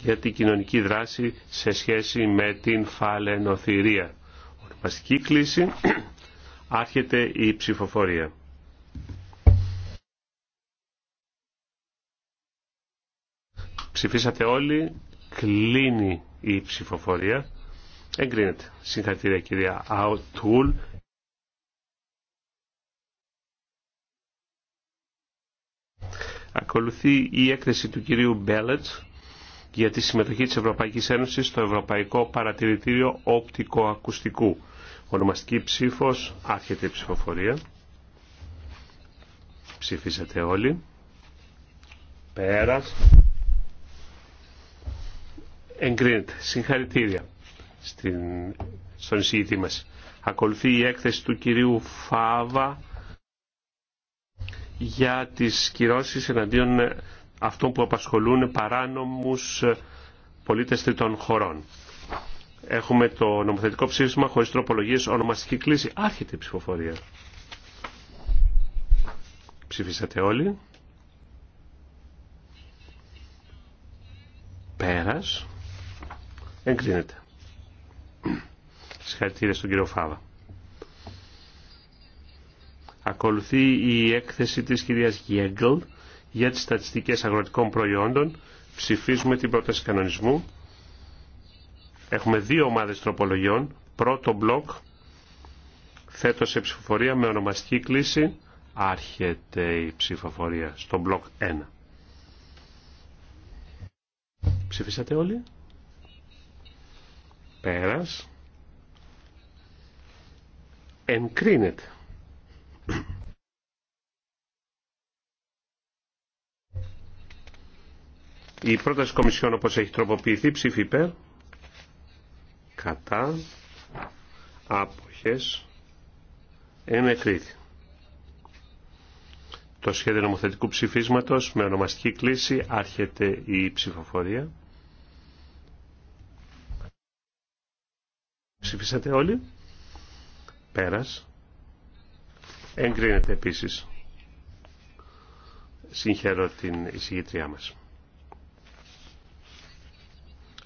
για την κοινωνική δράση σε σχέση με την φαλαινοθυρία. Ορμαστική κλίση. Άρχεται η ψηφοφορία. Ψηφίσατε όλοι. Κλείνει η ψηφοφορία. Εγκρίνεται. Συγχαρητήρια κυρία Αουτούλ. Ακολουθεί η έκθεση του κυρίου Μπέλετ για τη συμμετοχή της Ευρωπαϊκής Ένωσης στο Ευρωπαϊκό Παρατηρητήριο Οπτικοακουστικού. Ονομαστική ψήφος, άρχεται η ψηφοφορία. Ψηφίσατε όλοι. Πέρας. Εγκρίνεται. Συγχαρητήρια στην, στον εισηγητή μας. Ακολουθεί η έκθεση του κυρίου Φάβα για τις κυρώσεις εναντίον αυτών που απασχολούν παράνομους ε, πολίτες τριτών χωρών. Έχουμε το νομοθετικό ψήφισμα χωρίς τροπολογίες ονομαστική κλίση. Άρχεται η ψηφοφορία. Ψηφίσατε όλοι. Πέρας. Εγκρίνεται. Συγχαρητήρια στον κύριο Φάβα. Ακολουθεί η έκθεση της κυρίας Γιεγκλ για τις στατιστικές αγροτικών προϊόντων. Ψηφίζουμε την πρόταση κανονισμού. Έχουμε δύο ομάδες τροπολογιών. Πρώτο μπλοκ θέτω σε ψηφοφορία με ονομαστική κλίση. Άρχεται η ψηφοφορία στο μπλοκ 1. Ψηφίσατε όλοι. Πέρας. Εγκρίνεται. Η πρόταση Κομισιόν όπως έχει τροποποιηθεί ψήφι Κατά. Άποχες. Ενεκρίθη. Το σχέδιο νομοθετικού ψηφίσματος με ονομαστική κλίση άρχεται η ψηφοφορία. Ψηφίσατε όλοι. Πέρας. Εγκρίνεται επίσης. Συγχαίρω την εισηγητριά μας.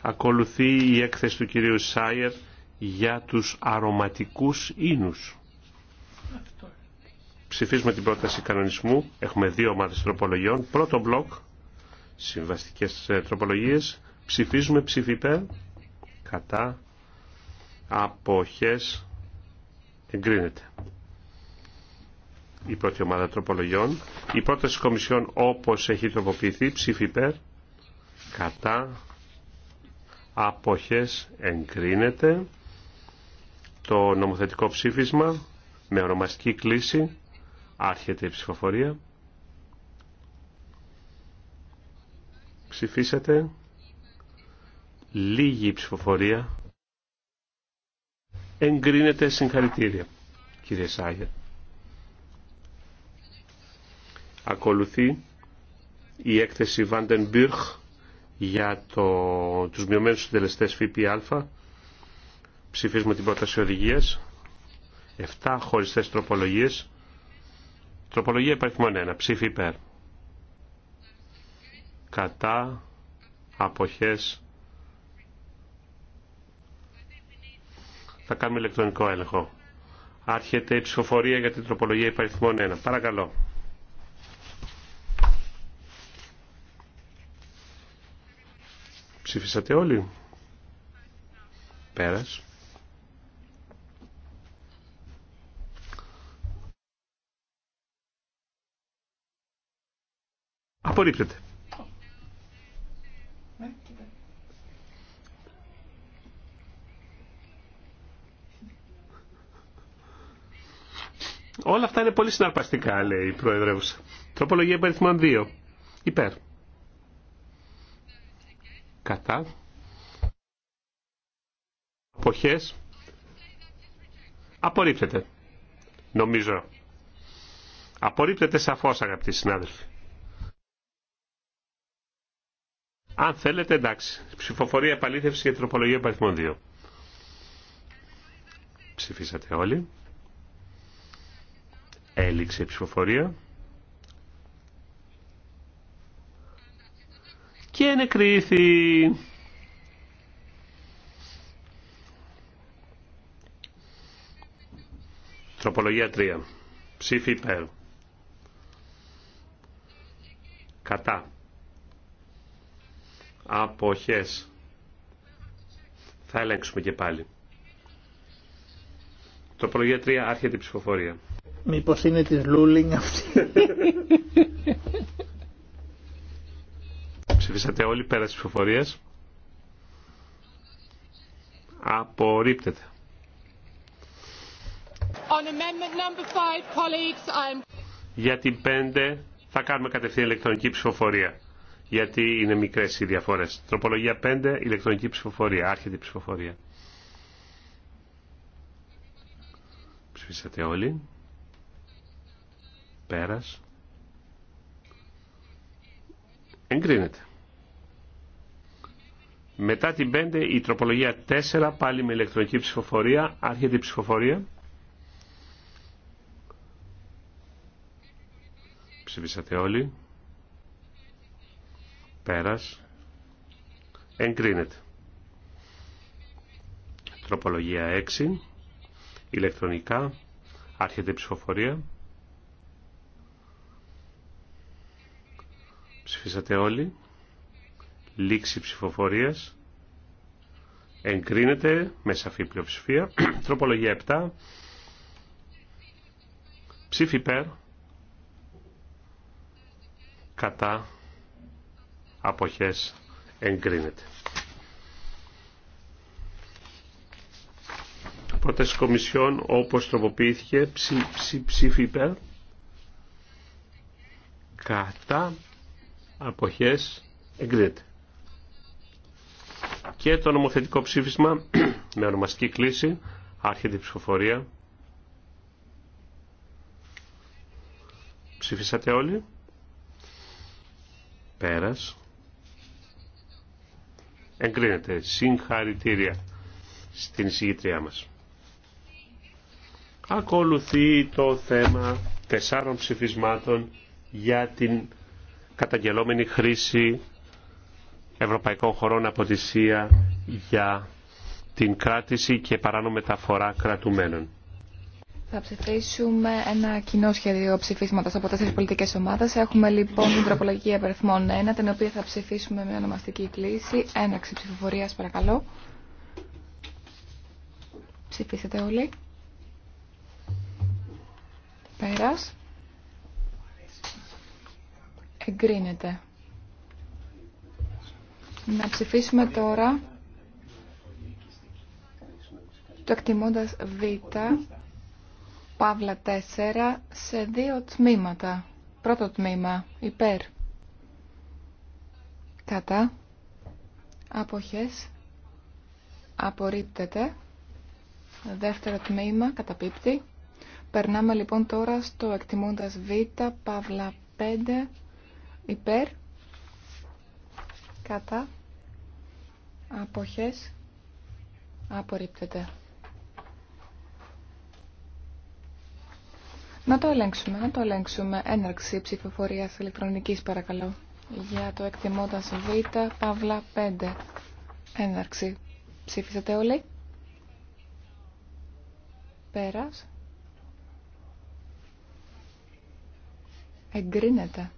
Ακολουθεί η έκθεση του κυρίου Σάιερ για τους αρωματικούς ίνους. Ψηφίζουμε την πρόταση κανονισμού. Έχουμε δύο ομάδες τροπολογιών. Πρώτο μπλοκ, συμβαστικές ε, τροπολογίες. Ψηφίζουμε ψηφιπέ, κατά, αποχές, εγκρίνεται. Η πρώτη ομάδα τροπολογιών. Η πρόταση της Κομισιόν όπως έχει τροποποιηθεί, υπέρ, κατά, αποχές εγκρίνεται το νομοθετικό ψήφισμα με ονομαστική κλίση άρχεται η ψηφοφορία ψηφίσατε λίγη ψηφοφορία εγκρίνεται συγχαρητήρια κύριε Σάγερ ακολουθεί η έκθεση Βαντεμπύρχ για το, τους μειωμένους συντελεστές ΦΠΑ. Ψηφίζουμε την πρόταση οδηγίας. 7 χωριστές τροπολογίες. Τροπολογία υπαριθμών 1. Ψήφι υπέρ. Κατά αποχές θα κάνουμε ηλεκτρονικό έλεγχο. Άρχεται η ψηφοφορία για την τροπολογία υπαριθμών 1. Παρακαλώ. Ψήφισατε όλοι. Πέρας. Απορρίπτεται. Όλα αυτά είναι πολύ συναρπαστικά, λέει η Προεδρεύουσα. Τροπολογία υπαριθμών 2. Υπέρ κατά αποχές απορρίπτεται νομίζω απορρίπτεται σαφώς αγαπητοί συνάδελφοι αν θέλετε εντάξει ψηφοφορία επαλήθευση για τροπολογία παριθμών 2 ψηφίσατε όλοι έληξε η ψηφοφορία και νεκρήθη. Τροπολογία 3. Ψήφι υπέρ. Κατά. Αποχές. Θα ελέγξουμε και πάλι. Τροπολογία 3. Άρχεται η ψηφοφορία. Μήπως είναι της Λούλινγκ αυτή. Ψηφίσατε όλοι πέρα της ψηφοφορίας. Απορρίπτεται. Για την 5 θα κάνουμε κατευθείαν ηλεκτρονική ψηφοφορία. Γιατί είναι μικρές οι διαφορές. Τροπολογία 5, ηλεκτρονική ψηφοφορία. Άρχεται η ψηφοφορία. Ψηφίσατε όλοι. Πέρας. Εγκρίνεται. Μετά την 5 η τροπολογία 4 πάλι με ηλεκτρονική ψηφοφορία. Άρχεται η ψηφοφορία. Ψηφίσατε όλοι. Πέρας. Εγκρίνεται. Τροπολογία 6. Ηλεκτρονικά. Άρχεται η ψηφοφορία. Ψηφίσατε όλοι λήξη ψηφοφορίας εγκρίνεται με σαφή πλειοψηφία. Τροπολογία 7. Ψήφι υπέρ. Κατά. Αποχές εγκρίνεται. Πρόταση Κομισιόν όπως τροποποιήθηκε ψη, ψήφι υπέρ. Κατά. Αποχές εγκρίνεται και το νομοθετικό ψήφισμα με ονομαστική κλίση άρχεται η ψηφοφορία. Ψήφισατε όλοι. Πέρας. Εγκρίνεται. Συγχαρητήρια στην εισηγητριά μας. Ακολουθεί το θέμα τεσσάρων ψηφισμάτων για την καταγγελόμενη χρήση ευρωπαϊκών χωρών από τη ΣΥΑ για την κράτηση και παράνομη μεταφορά κρατουμένων. Θα ψηφίσουμε ένα κοινό σχέδιο ψηφίσματος από τέσσερις πολιτικές ομάδες. Έχουμε λοιπόν την τροπολογική απεριθμών 1, την οποία θα ψηφίσουμε με ονομαστική κλίση. Έναξη ψηφοφορίας παρακαλώ. Ψηφίσετε όλοι. Πέρας. Εγκρίνεται. Να ψηφίσουμε τώρα το εκτιμώντας Β, Παύλα 4, σε δύο τμήματα. Πρώτο τμήμα, υπέρ. Κατά. Αποχές. Απορρίπτεται. Δεύτερο τμήμα, καταπίπτει. Περνάμε λοιπόν τώρα στο εκτιμώντας Β, Παύλα 5, υπέρ. Κατά. Αποχές. Απορρίπτεται. Να το ελέγξουμε, να το ελέγξουμε. Έναρξη ψηφοφορία ηλεκτρονικής παρακαλώ. Για το εκτιμώντας Β, Παύλα 5. Έναρξη. Ψήφισατε όλοι. Πέρας. Εγκρίνεται.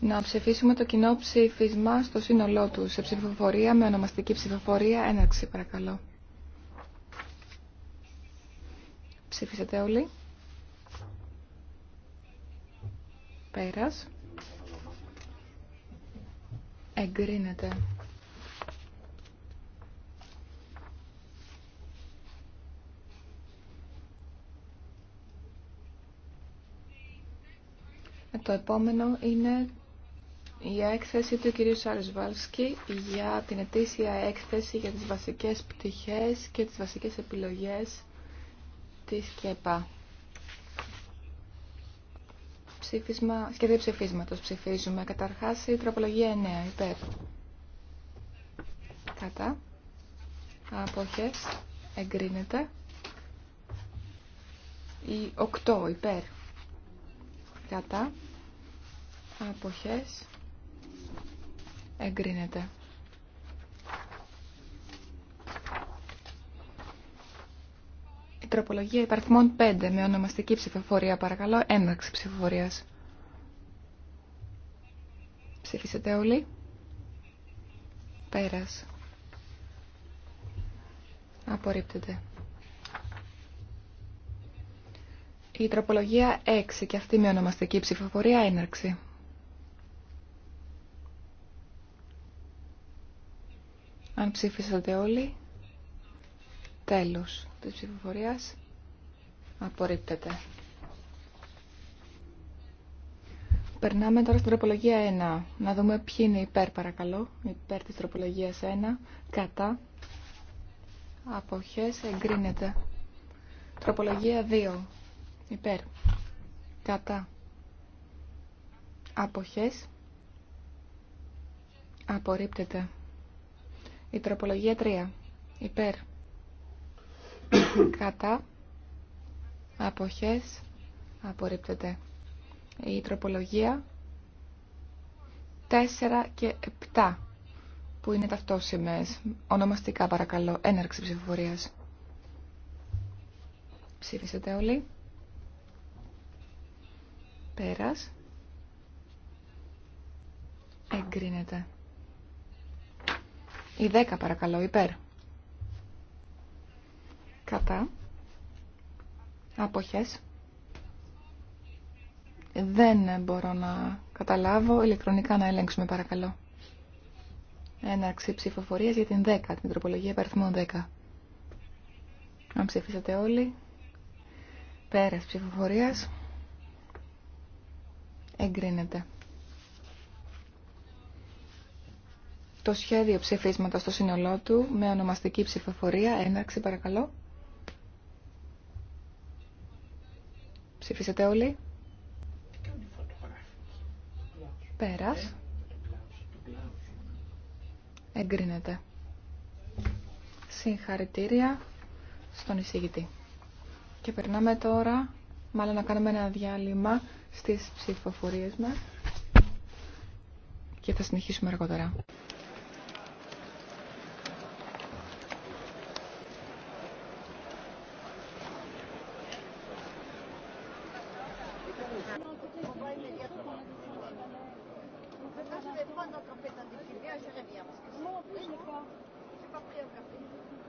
να ψηφίσουμε το κοινό ψήφισμα στο σύνολό του, σε ψηφοφορία με ονομαστική ψηφοφορία έναρξη, παρακαλώ. Ψήφισατε όλοι. Πέρας. Εγκρίνεται. Ε, το επόμενο είναι η έκθεση του κυρίου Σαρουσβάλσκι για την ετήσια έκθεση για τις βασικές πτυχές και τις βασικές επιλογές της ΚΕΠΑ. Ψήφισμα, σχέδιο ψηφίσματος ψηφίζουμε. Καταρχάς η τροπολογία 9, υπέρ. Κατά. Απόχες. Εγκρίνεται. Η 8, υπέρ. Κατά. Αποχές εγκρίνεται. Η τροπολογία υπαρθμών 5 με ονομαστική ψηφοφορία παρακαλώ, έναρξη ψηφοφορίας. Ψήφισετε όλοι. Πέρας. Απορρίπτεται. Η τροπολογία 6 και αυτή με ονομαστική ψηφοφορία έναρξη. Αν ψήφισατε όλοι, τέλος της ψηφοφορίας απορρίπτεται. Περνάμε τώρα στην τροπολογία 1. Να δούμε ποιοι είναι υπέρ παρακαλώ. Υπέρ της τροπολογίας 1. Κατά. Αποχές εγκρίνεται. Τροπολογία 2. Υπέρ. Κατά. Αποχές. Απορρίπτεται. Η τροπολογία 3. Υπέρ. Κατά. Αποχές. Απορρίπτεται. Η τροπολογία 4 και 7 που είναι ταυτόσημες. Ονομαστικά παρακαλώ. Έναρξη ψηφοφορίας. Ψήφισετε όλοι. Πέρας. Εγκρίνεται. Η 10 παρακαλώ, υπέρ. Κατά. Αποχές. Δεν μπορώ να καταλάβω. Ηλεκτρονικά να ελέγξουμε παρακαλώ. Έναρξη ψηφοφορία για την 10, την τροπολογία υπαριθμών 10. Αν ψηφίσατε όλοι. Πέρας ψηφοφορίας. Εγκρίνεται. το σχέδιο ψηφίσματος στο σύνολό του με ονομαστική ψηφοφορία. Έναρξη παρακαλώ. Ψηφίσατε όλοι. Πέρας. Εγκρίνεται. Συγχαρητήρια στον εισηγητή. Και περνάμε τώρα, μάλλον να κάνουμε ένα διάλειμμα στις ψηφοφορίες μας και θα συνεχίσουμε αργότερα.